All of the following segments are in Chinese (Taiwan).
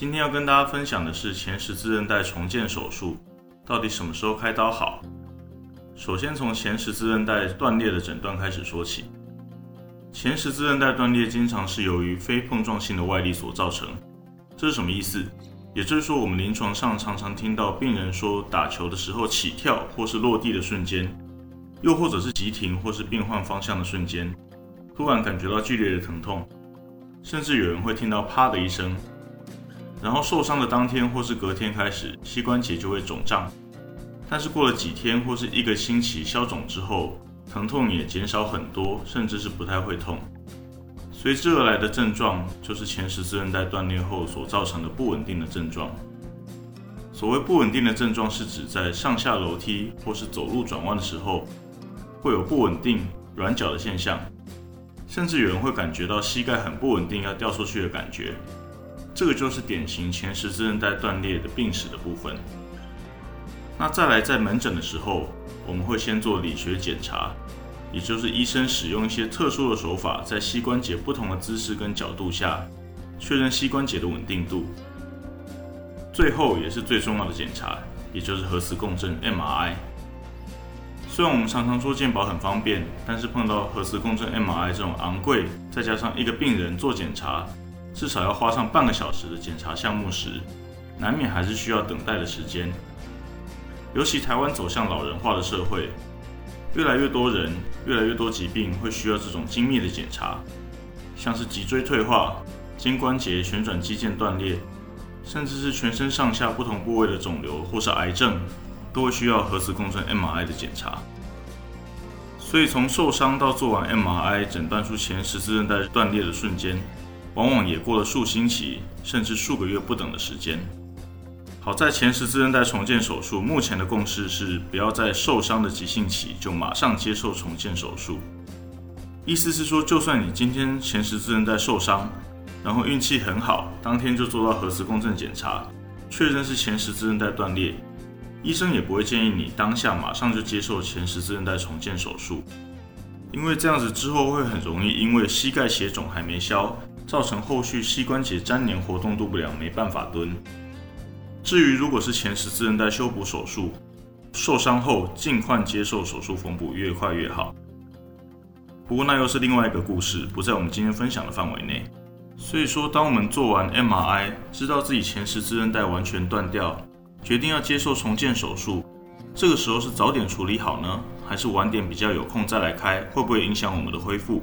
今天要跟大家分享的是前十字韌帶重建手術，到底什麼時候開刀好？首先從前十字韌帶斷裂的診斷開始說起。前十字韌帶斷裂經常是由於非碰撞性的外力所造成，這是什麼意思？也就是說，我們臨床上常常常聽到病人說，打球的時候起跳或是落地的瞬間，又或者是急停或是變換方向的瞬間，突然感覺到劇烈的疼痛，甚至有人會聽到啪的一聲。然後受傷的當天或是隔天開始，膝關節就會腫脹，但是過了幾天或是一個星期消腫之後，疼痛也減少很多，甚至是不太會痛。隨之而來的症狀就是前十字韌帶斷裂後所造成的不穩定的症狀。所謂不穩定的症狀是指在上下樓梯或是走路轉彎的時候，會有不穩定、軟腳的現象，甚至有人會感覺到膝蓋很不穩定要掉出去的感覺。這個就是典型前十字韌帶斷裂的病史的部分。那再來，在門診的時候，我們會先做理學檢查，也就是醫生使用一些特殊的手法，在膝關節不同的姿勢跟角度下，確認膝關節的穩定度。最後也是最重要的檢查，也就是核磁共振 MRI。雖然我們常常說健保很方便，但是碰到核磁共振 MRI 這種昂貴，再加上一個病人做檢查。至少要花上半個小時的檢查項目時，難免還是需要等待的時間。尤其台灣走向老人化的社會，越來越多人、越來越多疾病會需要這種精密的檢查，像是脊椎退化、肩關節旋轉肌腱斷裂，甚至是全身上下不同部位的腫瘤或是癌症，都會需要核磁共振 MRI 的檢查。所以，從受傷到做完 MRI，診斷出前十字韌帶斷裂的瞬間。往往也過了數星期，甚至數個月不等的時間。好在前十字韌帶重建手術目前的共識是，不要在受傷的急性期就馬上接受重建手術。意思是說，就算你今天前十字韌帶受傷，然後運氣很好，當天就做到核磁共振檢查，確認是前十字韌帶斷裂，醫生也不會建議你當下馬上就接受前十字韌帶重建手術，因為這樣子之後會很容易因為膝蓋血腫還沒消，造成後續膝關節粘連，活動度不良，沒辦法蹲。至於如果是前十字韌帶修補手術，受傷後儘快接受手術縫補，越快越好。不過那又是另外一個故事，不在我們今天分享的範圍內。所以說，當我們做完 MRI，知道自己前十字韌帶完全斷掉，決定要接受重建手術，這個時候是早點處理好呢？還是晚點比較有空再來開？會不會影響我們的恢復？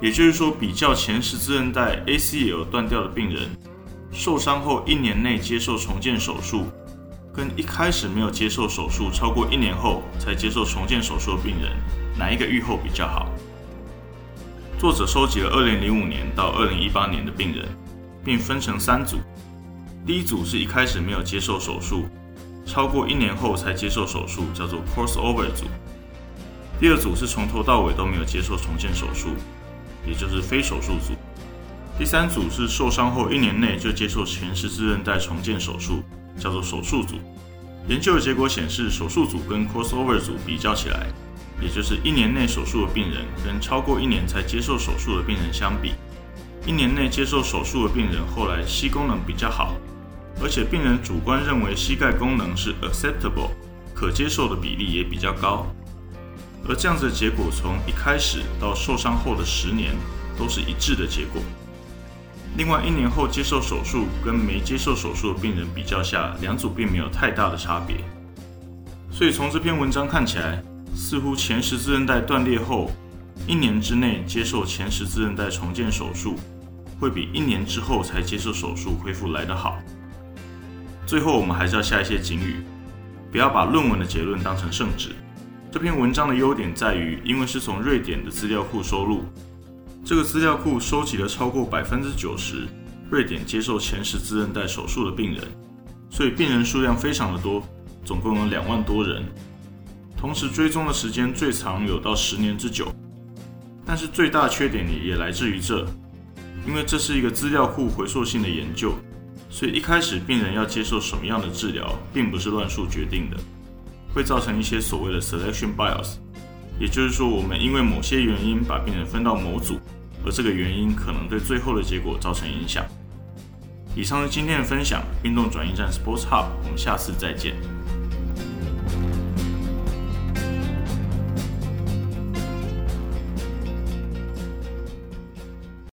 也就是說，比較前十字韌帶 ACL 斷掉的病人受傷後一年內接受重建手術，跟一開始沒有接受手術超過一年後才接受重建手術的病人，哪一個預後比較好？作者收集了2005年到2018年的病人，並分成三組。第一組是一開始沒有接受手術，超過一年後才接受手術，叫做 crossover 組。第二組是從頭到尾都沒有接受重建手術。也就是非手術組，第三組是受傷後一年內就接受前十字韌帶重建手術，叫做手術組。研究的結果顯示，手術組跟 crossover 組比較起來，也就是一年內手術的病人跟超過一年才接受手術的病人相比，一年內接受手術的病人後來膝功能比較好，而且病人主觀認為膝蓋功能是 acceptable 可接受的比例也比較高。而這樣子的結果，從一開始到受傷後的十年，都是一致的結果。另外，一年後接受手術跟沒接受手術的病人比較下，兩組並沒有太大的差別。所以從這篇文章看起來，似乎前十字韌帶斷裂後，一年之內接受前十字韌帶重建手術，會比一年之後才接受手術恢復來得好。最後，我們還是要下一些警語，不要把論文的結論當成聖旨。這篇文章的優點在於，因為是從瑞典的資料庫收錄，這個資料庫收集了超過百分之九十瑞典接受前十字韌帶手術的病人，所以病人數量非常的多，總共有兩萬多人。同時追蹤的時間最長有到十年之久。但是最大缺點也，也來自於這，因為這是一個資料庫回溯性的研究，所以一開始病人要接受什麼樣的治療，並不是亂數決定的。會造成一些所謂的 selection bias，也就是說，我們因為某些原因把病人分到某組，而這個原因可能對最後的結果造成影響。以上是今天的分享，運動轉移站 Sports Hub，我們下次再見。